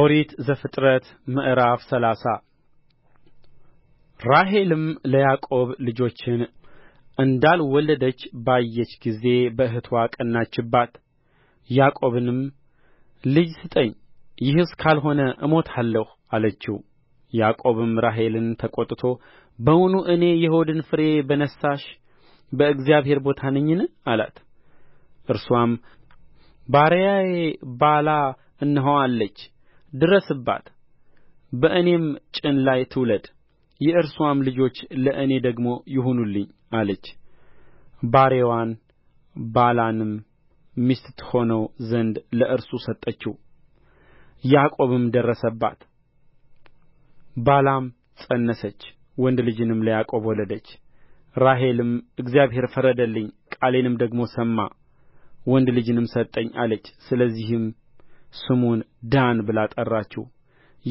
ኦሪት ዘፍጥረት ምዕራፍ ሰላሳ ራሔልም ለያዕቆብ ልጆችን እንዳልወለደች ባየች ጊዜ በእኅትዋ ቀናችባት ያዕቆብንም ልጅ ስጠኝ ይህስ ካልሆነ እሞታለሁ አለችው ያዕቆብም ራሔልን ተቈጥቶ በውኑ እኔ የሆድን ፍሬ በነሣሽ በእግዚአብሔር ቦታ ነኝን አላት እርስዋም ባሪያዬ ባላ እነሆ አለች ድረስባት በእኔም ጭን ላይ ትውለድ የእርስዋም ልጆች ለእኔ ደግሞ ይሁኑልኝ አለች ባሪያዋን ባላንም ሚስት ትሆነው ዘንድ ለእርሱ ሰጠችው ያዕቆብም ደረሰባት ባላም ፀነሰች ወንድ ልጅንም ለያዕቆብ ወለደች ራሔልም እግዚአብሔር ፈረደልኝ ቃሌንም ደግሞ ሰማ ወንድ ልጅንም ሰጠኝ አለች ስለዚህም ስሙን ዳን ብላ ጠራችው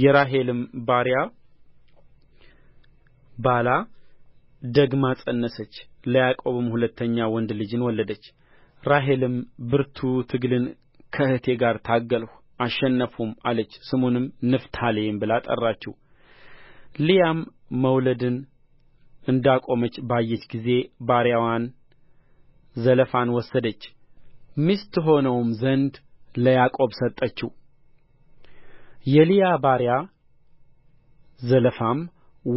የራሔልም ባሪያ ባላ ደግማ ፀነሰች ለያዕቆብም ሁለተኛ ወንድ ልጅን ወለደች ራሔልም ብርቱ ትግልን ከእኅቴ ጋር ታገልሁ አሸነፍሁም አለች ስሙንም ንፍታሌም ብላ ጠራችው ልያም መውለድን እንዳቆመች ባየች ጊዜ ባሪያዋን ዘለፋን ወሰደች ሚስት ትሆነውም ዘንድ ለያዕቆብ ሰጠችው የልያ ባሪያ ዘለፋም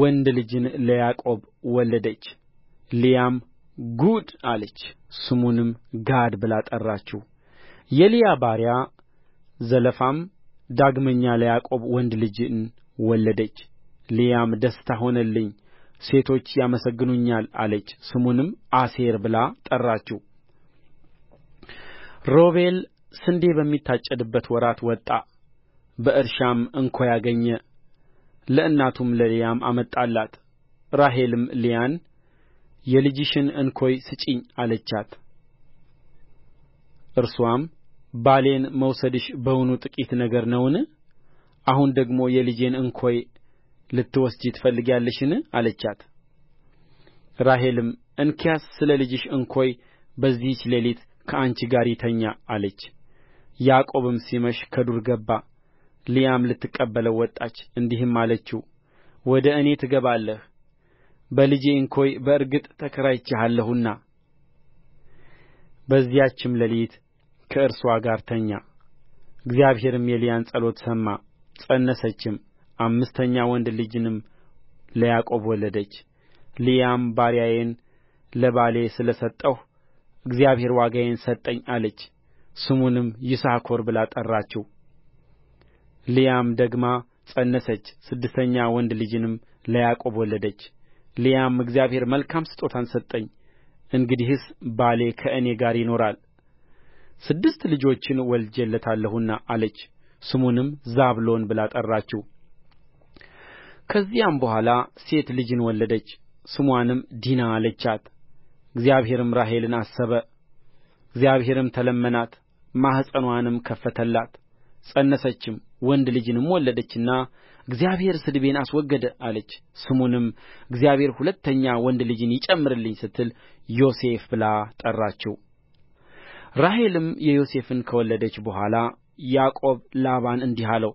ወንድ ልጅን ለያዕቆብ ወለደች ልያም ጉድ አለች ስሙንም ጋድ ብላ ጠራችው የልያ ባሪያ ዘለፋም ዳግመኛ ለያዕቆብ ወንድ ልጅን ወለደች ልያም ደስታ ሆነልኝ ሴቶች ያመሰግኑኛል አለች ስሙንም አሴር ብላ ጠራችው ሮቤል ስንዴ በሚታጨድበት ወራት ወጣ በእርሻም እንኮይ አገኘ ለእናቱም ለልያም አመጣላት ራሔልም ልያን የልጅሽን እንኮይ ስጪኝ አለቻት እርስዋም ባሌን መውሰድሽ በውኑ ጥቂት ነገር ነውን አሁን ደግሞ የልጄን እንኮይ ልትወስጂ ትፈልጊያለሽን አለቻት ራሔልም እንኪያስ ስለ ልጅሽ እንኮይ በዚህች ሌሊት ከአንቺ ጋር ይተኛ አለች ያዕቆብም ሲመሽ ከዱር ገባ ልያም ልትቀበለው ወጣች እንዲህም አለችው ወደ እኔ ትገባለህ በልጄ እንኮይ በእርግጥ ተከራይቼሃለሁና በዚያችም ሌሊት ከእርስዋ ጋር ተኛ እግዚአብሔርም የልያን ጸሎት ሰማ ፀነሰችም አምስተኛ ወንድ ልጅንም ለያዕቆብ ወለደች ልያም ባሪያዬን ለባሌ ስለ ሰጠሁ እግዚአብሔር ዋጋዬን ሰጠኝ አለች ስሙንም ይሳኮር ብላ ጠራችው ልያም ደግማ ፀነሰች ስድስተኛ ወንድ ልጅንም ለያዕቆብ ወለደች ልያም እግዚአብሔር መልካም ስጦታን ሰጠኝ እንግዲህስ ባሌ ከእኔ ጋር ይኖራል ስድስት ልጆችን ወልጄለታለሁና አለች ስሙንም ዛብሎን ብላ ጠራችው ከዚያም በኋላ ሴት ልጅን ወለደች ስሟንም ዲና አለቻት እግዚአብሔርም ራሔልን አሰበ እግዚአብሔርም ተለመናት ማኅፀንዋንም ከፈተላት ፀነሰችም ወንድ ልጅንም ወለደችና እግዚአብሔር ስድቤን አስወገደ አለች ስሙንም እግዚአብሔር ሁለተኛ ወንድ ልጅን ይጨምርልኝ ስትል ዮሴፍ ብላ ጠራችው ራሔልም ዮሴፍን ከወለደች በኋላ ያዕቆብ ላባን እንዲህ አለው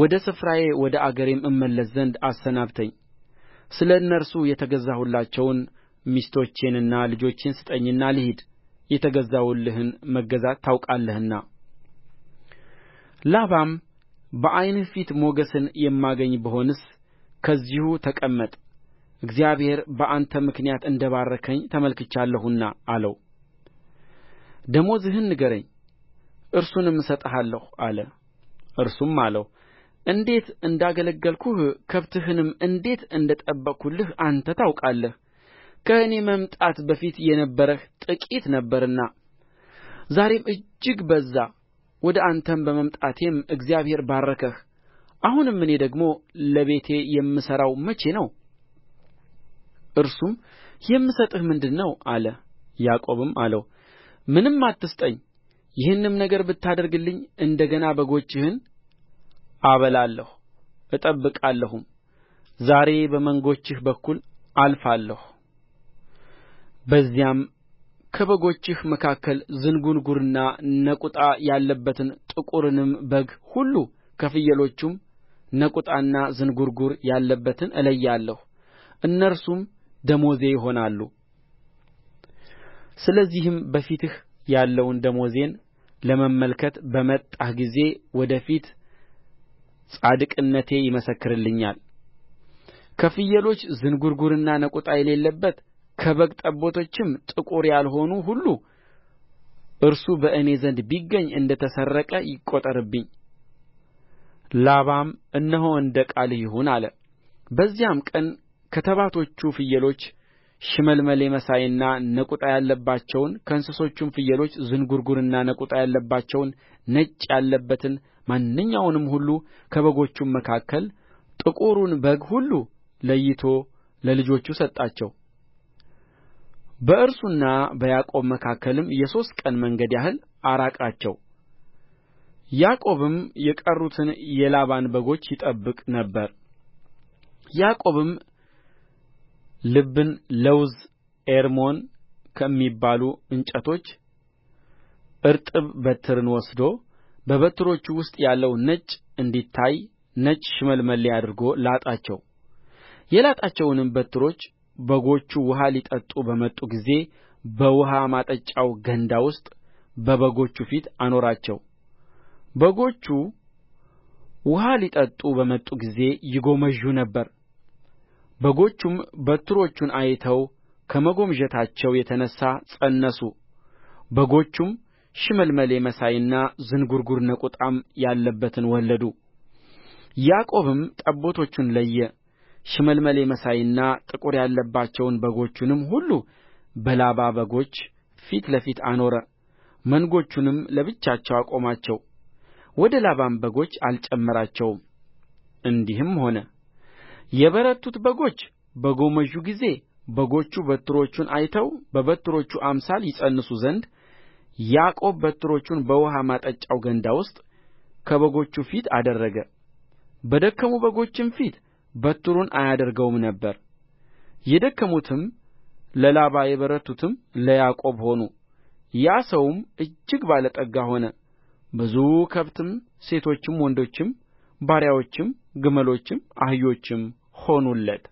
ወደ ስፍራዬ ወደ አገሬም እመለስ ዘንድ አሰናብተኝ ስለ እነርሱ የተገዛሁላቸውን ሚስቶቼንና ልጆቼን ስጠኝና ልሂድ የተገዛሁልህን መገዛት ታውቃለህና ላባም በዓይንህ ፊት ሞገስን የማገኝ ብሆንስ ከዚሁ ተቀመጥ እግዚአብሔር በአንተ ምክንያት እንደ ባረከኝ ተመልክቻለሁና አለው ደመወዝህን ንገረኝ እርሱንም እሰጥሃለሁ አለ እርሱም አለው እንዴት እንዳገለገልሁህ ከብትህንም እንዴት እንደ ጠበቅሁልህ አንተ ታውቃለህ ከእኔ መምጣት በፊት የነበረህ ጥቂት ነበርና ዛሬም እጅግ በዛ ወደ አንተም በመምጣቴም እግዚአብሔር ባረከህ አሁንም እኔ ደግሞ ለቤቴ የምሠራው መቼ ነው እርሱም የምሰጥህ ምንድር ነው አለ ያዕቆብም አለው ምንም አትስጠኝ ይህንም ነገር ብታደርግልኝ እንደ ገና በጎችህን አበላለሁ እጠብቃለሁም ዛሬ በመንጎችህ በኩል አልፋለሁ በዚያም ከበጎችህ መካከል ዝንጕርጕርና ነቍጣ ያለበትን ጥቁርንም በግ ሁሉ ከፍየሎቹም ነቍጣና ዝንጕርጕር ያለበትን እለያለሁ እነርሱም ደመወዜ ይሆናሉ ስለዚህም በፊትህ ያለውን ደመወዜን ለመመልከት በመጣህ ጊዜ ወደ ፊት ጻድቅነቴ ይመሰክርልኛል ከፍየሎች ዝንጕርጕርና ነቍጣ የሌለበት ከበግ ጠቦቶችም ጥቁር ያልሆኑ ሁሉ እርሱ በእኔ ዘንድ ቢገኝ እንደ ተሰረቀ ይቈጠርብኝ ላባም እነሆ እንደ ቃልህ ይሁን አለ በዚያም ቀን ከተባቶቹ ፍየሎች ሽመልመሌ መሳይና ነቁጣ ያለባቸውን ከእንስሶቹም ፍየሎች ዝንጕርጕርና ነቁጣ ያለባቸውን ነጭ ያለበትን ማንኛውንም ሁሉ ከበጎቹም መካከል ጥቁሩን በግ ሁሉ ለይቶ ለልጆቹ ሰጣቸው በእርሱና በያዕቆብ መካከልም የሦስት ቀን መንገድ ያህል አራቃቸው ያዕቆብም የቀሩትን የላባን በጎች ይጠብቅ ነበር ያዕቆብም ልብን ለውዝ ኤርሞን ከሚባሉ እንጨቶች እርጥብ በትርን ወስዶ በበትሮቹ ውስጥ ያለው ነጭ እንዲታይ ነጭ ሽመልመሌ አድርጎ ላጣቸው የላጣቸውንም በትሮች በጎቹ ውኃ ሊጠጡ በመጡ ጊዜ በውኃ ማጠጫው ገንዳ ውስጥ በበጎቹ ፊት አኖራቸው በጎቹ ውኃ ሊጠጡ በመጡ ጊዜ ይጎመጁ ነበር በጎቹም በትሮቹን አይተው ከመጎምጀታቸው የተነሣ ፀነሱ በጎቹም ሽመልመሌ መሳይና ዝንጕርጕር ነቁጣም ያለበትን ወለዱ ያዕቆብም ጠቦቶቹን ለየ ሽመልመሌ መሳይና ጥቁር ያለባቸውን በጎቹንም ሁሉ በላባ በጎች ፊት ለፊት አኖረ መንጎቹንም ለብቻቸው አቆማቸው ወደ ላባም በጎች አልጨመራቸውም እንዲህም ሆነ የበረቱት በጎች በጎመጁ ጊዜ በጎቹ በትሮቹን አይተው በበትሮቹ አምሳል ይፀንሱ ዘንድ ያዕቆብ በትሮቹን በውኃ ማጠጫው ገንዳ ውስጥ ከበጎቹ ፊት አደረገ በደከሙ በጎችም ፊት በትሩን አያደርገውም ነበር የደከሙትም ለላባ የበረቱትም ለያዕቆብ ሆኑ ያ ሰውም እጅግ ባለጠጋ ሆነ ብዙ ከብትም ሴቶችም ወንዶችም ባሪያዎችም ግመሎችም አህዮችም ሆኑለት